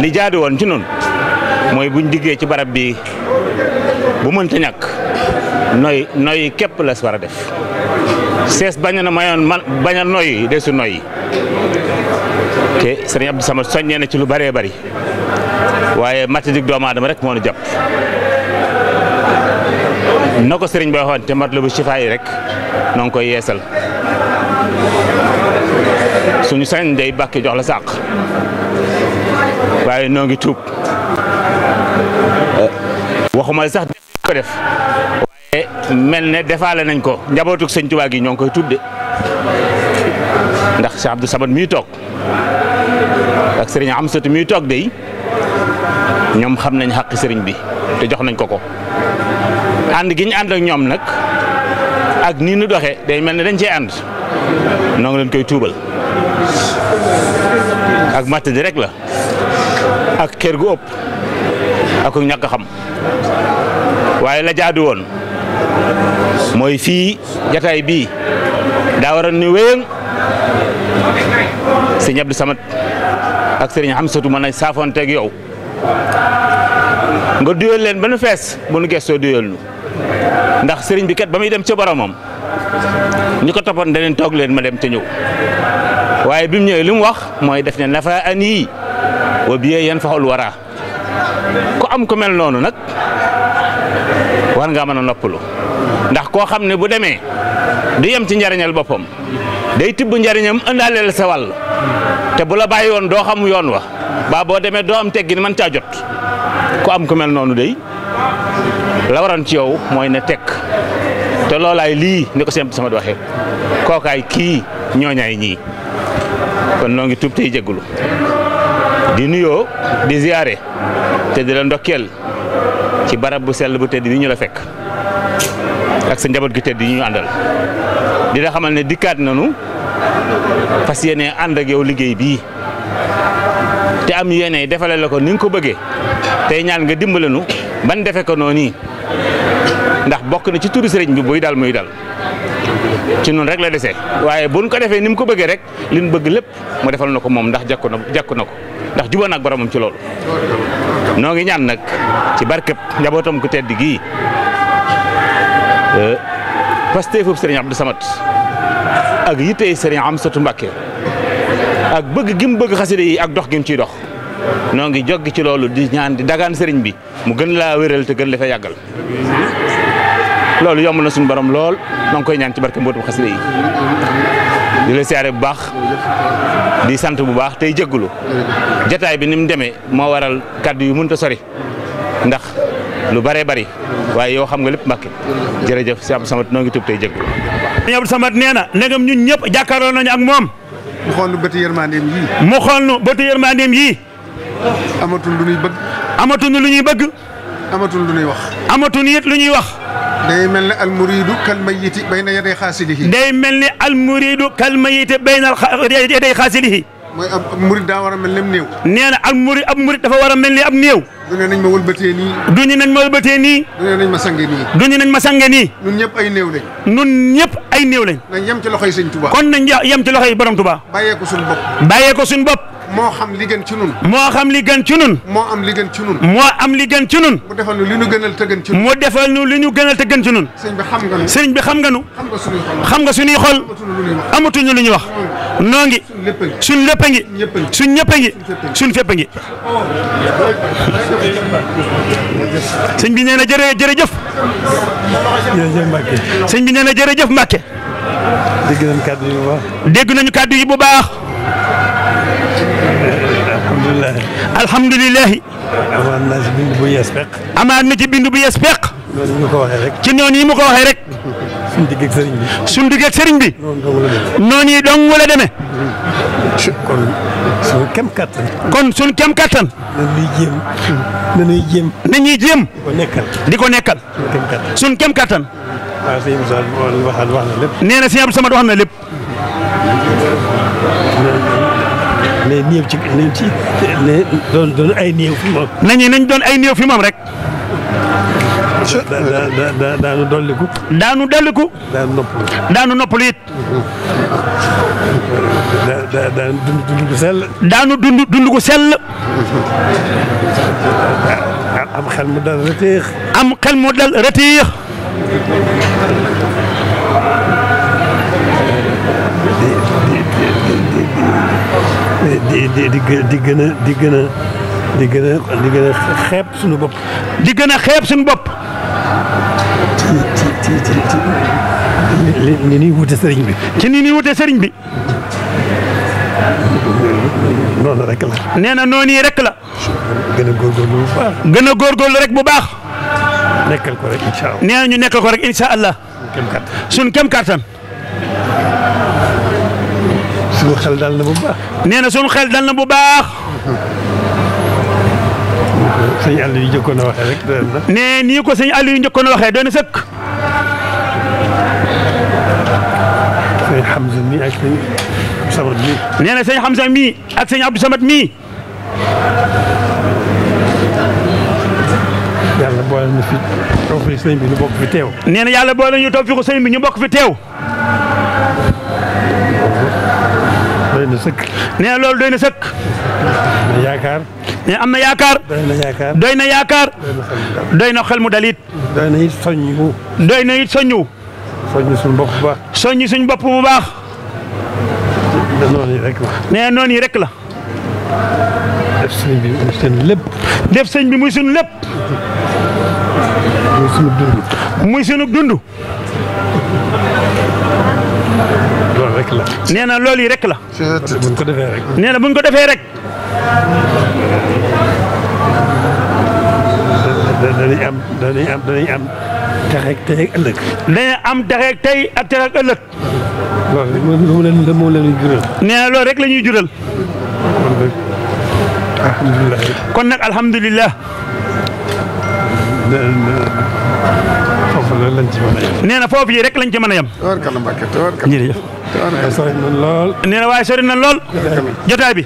li jaadu woon ci noonu mooy buñ diggee ci barab bi bu mënta ñàkk noy noy képp la si war a def sees bañ na mayoon man bañ a noyyi desu noyyi te sëriñ Abdou Samad ci lu bëree bari waaye matadik doomu aadama rek moo nu jàpp na ko sëriñ bi waxoon te mat la bu sifaa yi rek noo ngi koy yeesal suñu sañ day bàkki jox la sàq waaye noo ngi tuub eh, waxuma sax def mel ne defaale nañ ko njabootu sëñ Tuubaa gi ñoo ngi koy tuub de ndax Cheikh Abdou Samad miy toog ak sëriñ Amsatu miy toog de ñoom xam nañ xàq sëriñ bi te jox nañ ko ko ànd gi ñu ànd ñoom nag ak nii nu doxee day mel ne dañ cee ànd noo leen koy tuubal ak matt di la ak kër gu ëpp ak ñàkk xam waaye la jaadu woon mooy fii jataay bii daa waroon ni wéyëng sëñ Abdou Samad ak sëriñ Hamsatu mën a saafoonteeg yow nga duyal leen ba nu fees bu nu gestoo duyal nu ndax sëriñ bi kat ba muy dem ca boromam ñu ko toppoon daneen toog leen ma dem ca ñëw waaye bi mu ñëwee li mu wax mooy def ne nafa an yii wa biyee yéen faxul waraa ku am ku mel noonu nag war ngaa mën a noppalu ndax koo xam ne bu demee du yem ci njariñal boppam day tibb njariñam ëndaaleel sa te bu la bàyyi woon doo xam yoon wa baa boo demee doo am teggin mën caa jot ku am ku mel noonu day la waroon ci yow mooy ne tekk te loolaay lii ni ko seen sama di waxee kookaay kii ñooñaay ñii kon noo ngi tuub tey jégalu di nuyoo di ziyaare te di la ndokkeel ci barab bu sell bu tedd bi ñu la fekk ak sa njaboot gi tedd yi ñu àndal di la xamal ne dikkaat nanu fas yéene ànd ak yow liggéey bii te am yéene defale la ko ni nga ko bëggee tey ñaan nga dimbale nu ban defe ko noonu ndax bokk na ci turu sëriñ bi buy dal muy dal ci noonu rek la desee waaye buñ ko defee ni ko bëggee rek li mu bëgg lépp mu defal na ko moom ndax jàkku na na ko ndax juba nag boromam ci loolu noo ngi ñaan nag ci barkeb njabootam ku tedd gii euh, pasteefub foofu Abdou Samad ak yittey sëriñ Amsatu Mbàkke ak bëgg gi mu bëgg xasida yi ak dox gim mu ciy dox noo ngi joggi ci loolu di ñaan di dagaan sëriñ bi mu gën laa wéral te gën la fa yàggal loolu yomb na suñu boroom lool maa koy ñaan ci barke mbootum xasida yi di la siyaare bu baax di sant bu baax tey jéggulu jataay bi ni mu demee moo waral kàddu yu mënta sori ndax lu bare bari waaye yow xam nga lépp mbàkke jërëjëf si Abdou Samad noo ngi tub tey jéggulu sëñ nee na ndegam ñun ñëpp jàkkaarloo nañu ak moom mu xool nu bëti yërmandeem yii mu xool nu bëti yërmandeem yii amatul lu ñuy bëgg amatul lu ñuy lu ñuy wax amatul it lu ñuy wax day mel ne almuriidu kal mayiti bayna yaday xaasilihi. day mel ne almuriidu kal mayiti bayna yaday xaasilihi. mooy ab murid daa war a mel ne néew. nee na ab murid ab murid dafa war a mel ni ab néew. du ne nañ ma wëlbatee nii. du ñu nañ ma wëlbatee nii. du ne nañ ma sangee nii. du ñu nañ ma sangee nii. ñun ñëpp ay néew lañ. ñun ñëpp ay néew lañ. nañ yem ci loxoy sëñ Tuubaa. kon nañ yem ci loxoy borom Tuubaa. bàyyee ko suñu bopp. bàyyee ko suñu bopp. moo xam li gën ci nun moo xam li gën ci nun moo am li gën ci nun moo am li gën ci nun mu defal nu li ñu gënal te gën ci nun mu defal nu li ñu gënal te gën ci nun sëriñ bi xam nga nu sëriñ bi xam nga nu xam nga suñuy xol amatuñu lu ñuy wax noo ngi suñ lépp a ngi suñ ñëpp a ngi suñ fépp a ngi sëñ bi nee na jërë jërëjëf sëñ bi nee na jërëjëf Mbacke dégg nañu kàddu yi bu baax dégg nañu kàddu yi bu baax alhamdulilah alhamdulilah. amaat naa ci bind bu yees peq. amaat na ci bind bu yees peq. noonu yi mu ko waxee rek. ci noonu yi mu ko waxee rek. suñu digg ak sëriñ bi. suñu digg ak sëriñ bi. noonu yi dong la demee. kon suñu kem kattan. kon suñu kem kattan. nañuy jéem. nañuy jéem. nañuy jéem. di ko nekkal. di ko nekkal. suñu kem kattan. suñu kem kattan. waaw sëñ Abdou Samad wax na lépp. nee na sëñ Abdou Samad wax na lépp. ay néew ci nañ ci doon doon ay néew fi moom. nañu nañ doon ay néew fi moom rek. daa daanu dolliku. daanu dolliku. daanu noppalu. daanu noppalu it. daa daanu dund dund gu sell. daanu dund dund gu sell. am xel mu dal rëtiix. am xel mu dal rëtiix. di di di di gën a di gën a di gën a di a xeeb suñu bopp. di gën a xeeb suñu bopp. ci ci ci ci ni ñuy wute sëriñ bi. ci ni ñuy sëriñ bi. noonu rek la. nee na noonu yi rek la. gën góor góorgóorlu bu baax. gën a góorgóorlu rek bu baax. nekkal ko rek incha allah. nee na ñu nekkal ko rek incha allah. suñu kem kàttan. sunu xel dal na bu baax. nee na sunu xel dal na bu baax. sëñ Aliou yu njëkkoon a waxee rek doon na. nee nii ko sëñ Aliou yu njëkkoon a waxee doon na sëkk. sëñ Hamza mii ak sëñ Samat mii. nee na sëñ Hamza mii ak sëñ Abdou Samat mii. yàlla boole ñu fi toog fi sëñ bi ñu bokk fi teew. nee na yàlla boole ñu toog fi ko sëñ bi ñu bokk fi teew. na nee na loolu doy na sëkk. yaakaar. nee am na yaakaar. doy na yaakaar doy na yaakaar. doy na xel mu dalit. doy na it soññu. doy na it soññu. soññu suñu bopp bu baax. soññu suñu bopp bu baax. nee noonu yi rek la. def sëñ bi muy seen lépp. def sëñ bi muy suñu lépp. muy suñu dund. rek nee na loolu yi rek la. buñ ko defee rek. nee na buñ ko defee rek. danañ am danañ am danañ am tey ak ëllëg. ëllëg. loolu rek moom la ñuy jural. nee na loolu rek lañuy ñuy jural. kon nag alhamdulilah. loolu lañ ci mën a yem. nee na foofu yi rek lañ ci mën a yem. tawar kàlla Mbacke tawar kàlla. jërëjëf tawar kàlla sori na lool. nee na waaye sori na lool. jotaay bi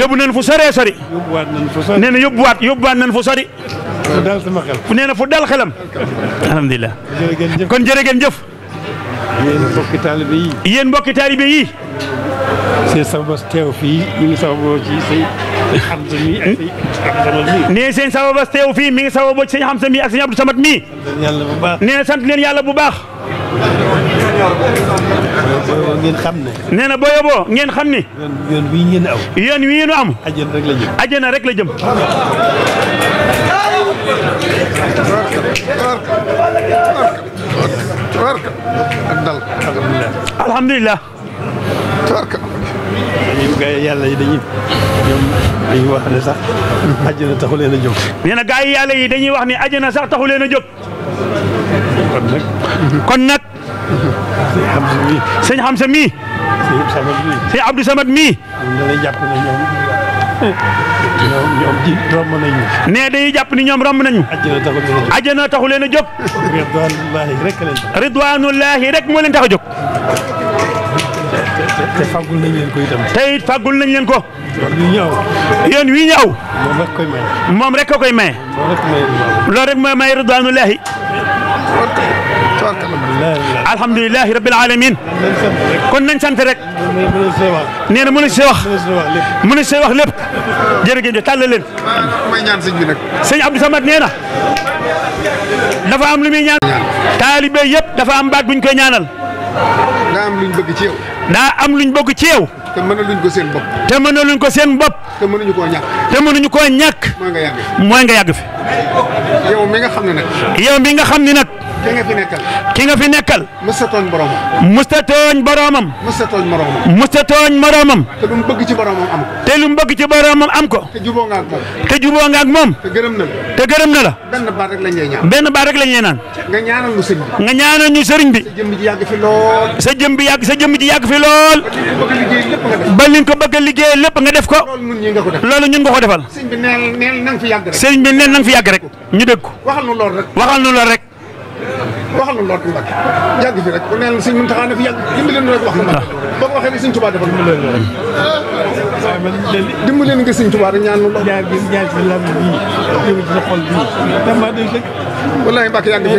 yóbbu nañ fu soree sori. yóbbuwaat nañ fu sori. nee na yóbbuwaat yóbbuwaat nañ fu sori. fu dal sama xel. nee na fu dal xelam. alhamdulilah. kon jërë ngeen jëf. yéen mbokki taalibe yi. yéen mbokki taalibe yi. seen sama bos teew fii ñu ngi sama bos ci nee seen sababa teew fii mi ngi sababa sëñ Hamza mi ak sëñ Abdou Samad mi nee na sant leen yàlla bu baax. ngeen xam ne. nee na boo yóbboo ngeen xam ni. yoon wii ngeen aw. yoon wii nu am. ajana rek la jëm. ajana rek la jëm. ak dal alhamdulilah. dañuy gaa yi yàlla yi dañuy ñoom dañuy wax ne sax àjjana taxu leen a jóg. nee na gaa yi yàlla yi dañuy wax ne àjjana sax taxu leen a jóg. kon nag. kon nag. sëñ Xamsa mii. sëñ Abdou Samad mii. ñoom ñoom ji romb nañu. nee dañuy jàpp ni ñoom romb nañu. taxu leen a jóg. àjjana taxu leen a rek moo leen tax a jóg. te fàggul nañ leen ko itam. te it moom rek koy maye. moom rek koy maye. loolu rek mooy maye ridwaanullaahi. alhamdulilah kon nañ sant rek. nee na mënu si wax. mënu si wax lépp. jërëjëf tàllal leen. bi nag. sëñ Abdou Samad nee dafa am lu muy ñaan. taalibe yëpp dafa am baat buñ koy ñaanal. daa am ci yow. daa am luñ bëgg ci yow. te mënaluñ ko seen bopp. te mënaluñ ko seen bopp. te mënuñu koo ñàkk. te mënuñu ko ñàkk. mooy nga yàgg fi. yow mi nga xam ne nag. yow mi nga xam ne nag. ki nga fi nekkal. ki nga fi nekkal. mësta tooñ boromam. mësta tooñ boromam. mësta tooñ moromam. mësta tooñ moromam. te bëgg ci boromam am te lu mu bëgg ci boromam am ko. te juboo nga ak moom. te juboo ak moom. gërëm na la. te gërëm na la. benn baat rek lañ lay ñaan. benn baat rek lañ naan. nga ñaanal ñu sëriñ bi. nga ñaanal ñu bi. sa jëmm ji yàgg fi lool. sa jëmm bi yàgg sa jëmm ji yàgg fi lool. ba li nga ko bëgg liggéey lépp nga def ko. loolu ñun nga ko ko defal. sëñ bi neel neel na nga fi yàgg rek. sëñ bi neel fi yàgg ñu dégg ko. waxal nu lool rek. waxal waxal na loolu Mbacke yàgg fi rek nee na sëñ Muntaxa na fi yàgg dimbali leen rek wax ko Mbacke boo ko waxee ni sëñ Tuubaa defal dimbali leen nga sëñ Tuubaa rek ñaan loolu jaar gi jaar ci lam bi ñëw ci xol bi dama day sëkk wallahi Mbacke yàgg fi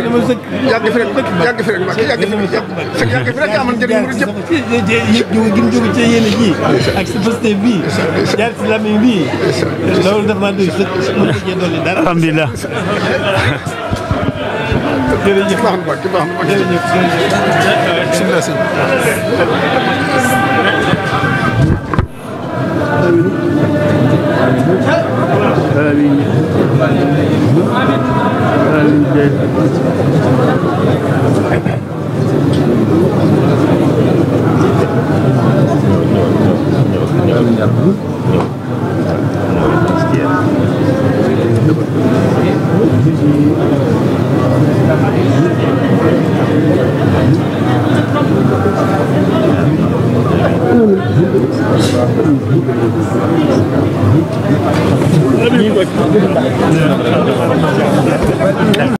yàgg fi rek yàgg fi rek Mbacke yàgg fi rek yàgg fi rek amal njëriñ mu jëpp ci gim jóg ci yéen ji ak ci posté bi jaar ci lam bi loolu dafa day sëkk mu ci dolli dara alhamdulillah jërëjëf baax na baax na baax na jërëjëf